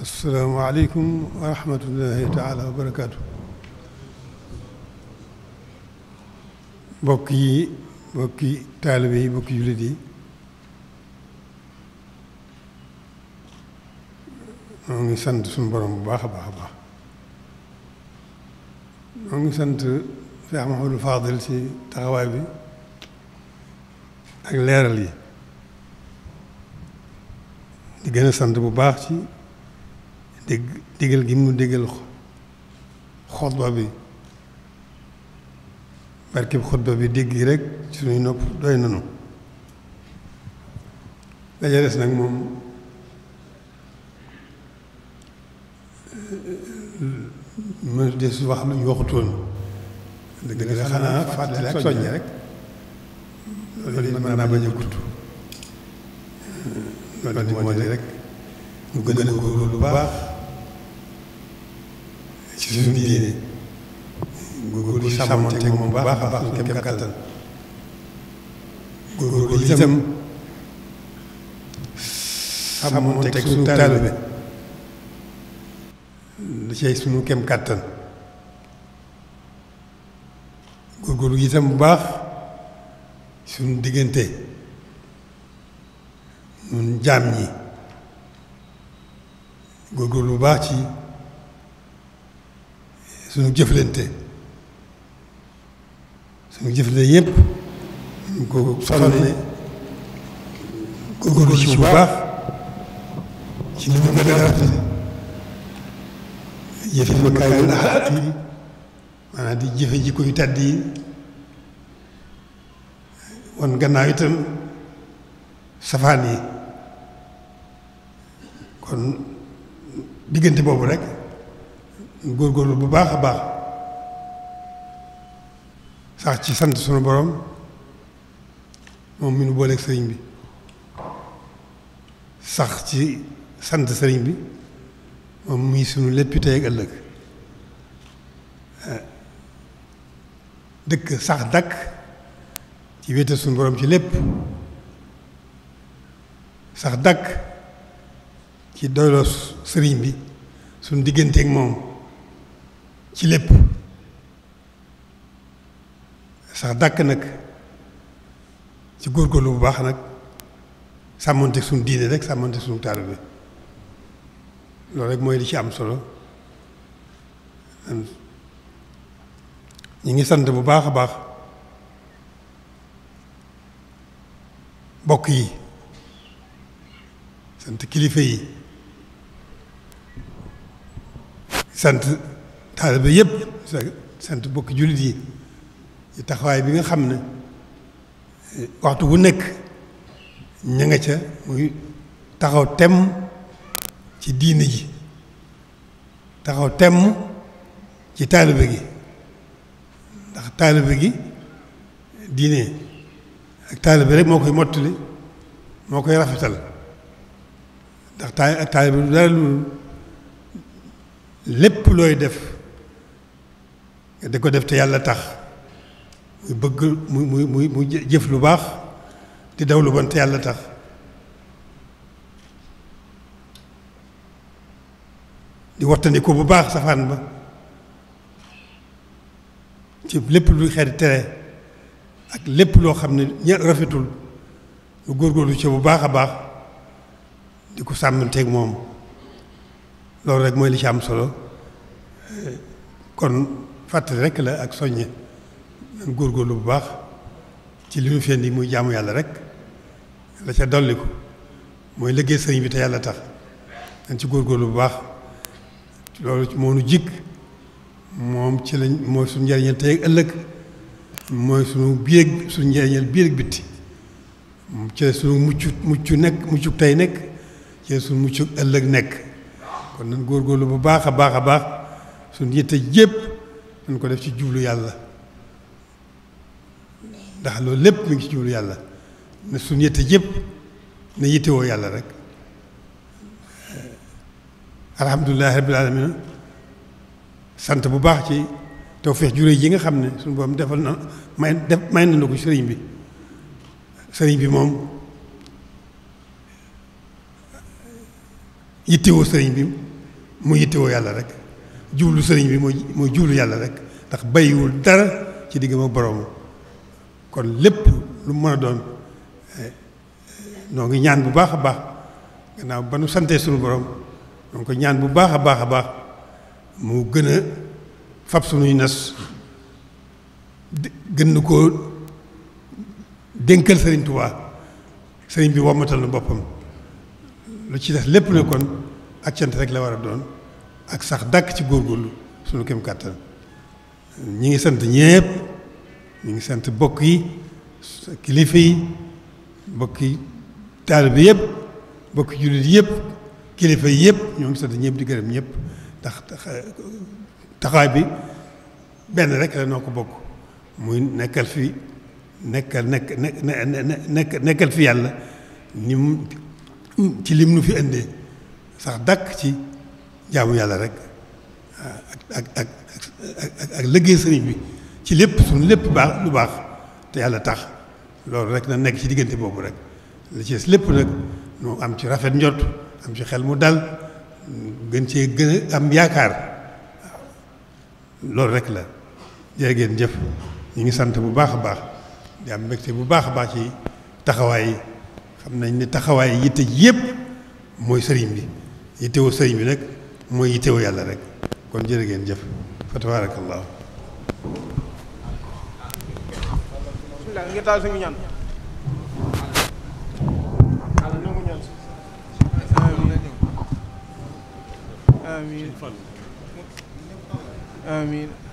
asalaamaaleykum wa rahmatullahi taala wa barakaatu mbokk yi mbokki taalibe yi mbokki jullit yi ñoo ngi sant suñu borom bu baax a baax a baax ñoo ngi sant Cheikh Mahamadou Fadil si taxawaay bi ak leeral yi di gën a sant bu baax ci dégg digal gi mu digal xutba bi barkeb xutba bi dégg gi rek suñuy nopp doy nanu daja nag moom euh, mën des wax lu ñu waxutoon dëgg la xanaa fàttali ak soññi rek loolu it mën naa bañ a gudd loolu di moo di rek ñu gën a góorgóorlu bu baax ci suñu diine góorgóorlu sàmmanteeg moom baax baax suñu kem kàttan góorgóorlu itam sàmmanteeg suñu taalibe lu cay suñu kem kàttan góorgóorlu itam bu baax suñu diggante ñun jaam ñi góorgóorlu bu baax ci suñu jëflante suñu jëflante yépp ñu ko soxal ne góorgóorlu ci bu baax ci ni mu gën jëfe makaarimul axlaaq maanaam wan gannaaw itam safaan kon diggante boobu rek góorgóorlu bu baax a baax sax ci sant sunu boroom moom mi nu booleeg sëriñ bi sax ci sant sëriñ bi moom muy sunu léppi tey ak ëllëg dëkk sax dakk ci wéetal sunu boroom ci lépp sax dakk ci doyloo sëriñ bi suñ digganteeg moom ci lépp sax dàkk nag ci góorgóorlu bu baax nag sàmmonteeg suñ diine rek sàmmonteeg suñu taal bi loolu rek mooy li ci am solo ñu ngi sant bu baax a baax bokk yi sant kilifa yi sant taalibe yépp sant bokk jullit yi ci taxawaay bi nga xam ne waxtu bu nekk ña nga ca taxaw tem ci diine ji taxaw temm ci taalibe gi ndax taalibe gi diine ak taalibe rek moo koy mottali moo koy rafetal ndax taalibe du dara lu lépp looy def di ko def te yàlla tax muy bëgg mu muy muy jëf lu baax di daw lu bon te yàlla tax di wattandiku bu baax safaan ba ci lépp luy xeeti tere ak lépp loo xam ne ña rafetul lu góorgóorlu ci bu baax a baax di ko sàmmanteeg moom loolu rek mooy li ci am solo kon fàttali rek la ak soññe nan góorgóorlu bu baax ci li ñu feen di muy jaamu yàlla rek la ca dolli ko mooy liggéey sëriñ bi te yàlla tax dañ ci góorgóorlu bu baax loolu moo nu jikk moom ci lañ mooy su njëriñal tey ak ëllëg mooy suñu biir su njëriñal biir ak bitti ci suñu mucc mucc nekk muccuk tey nekk ci su muccuk ëllëg nekk kon nan góorlu bu baax a baax a baax suñ yitte jépp nañ ko def ci jublu yàlla ndax loolu lépp mi ngi ci jublu yàlla ne suñ yitte jépp na yittewoo yàlla rek alhamdulilahi rabbil alamin sant bu baax ci tawfeex jure yi nga xam ne suñu borom defal na may def may na ko sëriñ bi sëriñ bi moom yittewoo sëriñ bi mu yittewoo yàlla rek jublu sëriñ bi mooy mooy jublu yàlla rek ndax bàyyiwul dara ci digg ma boroomu kon lépp lu mën a doon eh, noo ngi ñaan bu baax a baax gannaaw ba nu santee suñu borom donc ko ñaan bu baax a baax a baax mu gën a fab suñuy nas gën na koo dénkal sëriñ Tuubaa sëriñ bi wommatal na boppam lu ci des lépp ne kon ak cant rek la war a doon ak sax dàkk ci góorgóorlu suñu kem kàttan ñi ngi sant ñépp ñu ngi sant bokk yi kilifa yi bokki taalibe yépp bokki jullit yépp kilifa yi yépp ñoo ngi sant ñépp di gërëm ñépp ndax taxawaay bi benn rek la noo ko bokk muy nekkal fi nekkal nekk nekk nekkal fi yàlla ni mu ci lim nu fi indee sax dàkk ci jaamu yàlla rek ak ak ak ak liggéey sëriñ bi ci lépp suñu lépp baax lu baax te yàlla tax loolu rek na nekk ci diggante boobu rek li ci lépp nag mu am ci rafet njort am ci xel mu dal gën cee gën a am yaakaar loolu rek la jërë ngeen jëf ñu ngi sant bu baax a baax di am mbégte bu baax a baax ci taxawaay yi xam nañ ni taxawaay yitte ji yépp mooy sëriñ bi yittewu sëriñ bi nag mooy yittewu yàlla rek kon jërë ngeen jëf fa tabaarakallaahu amiin amiin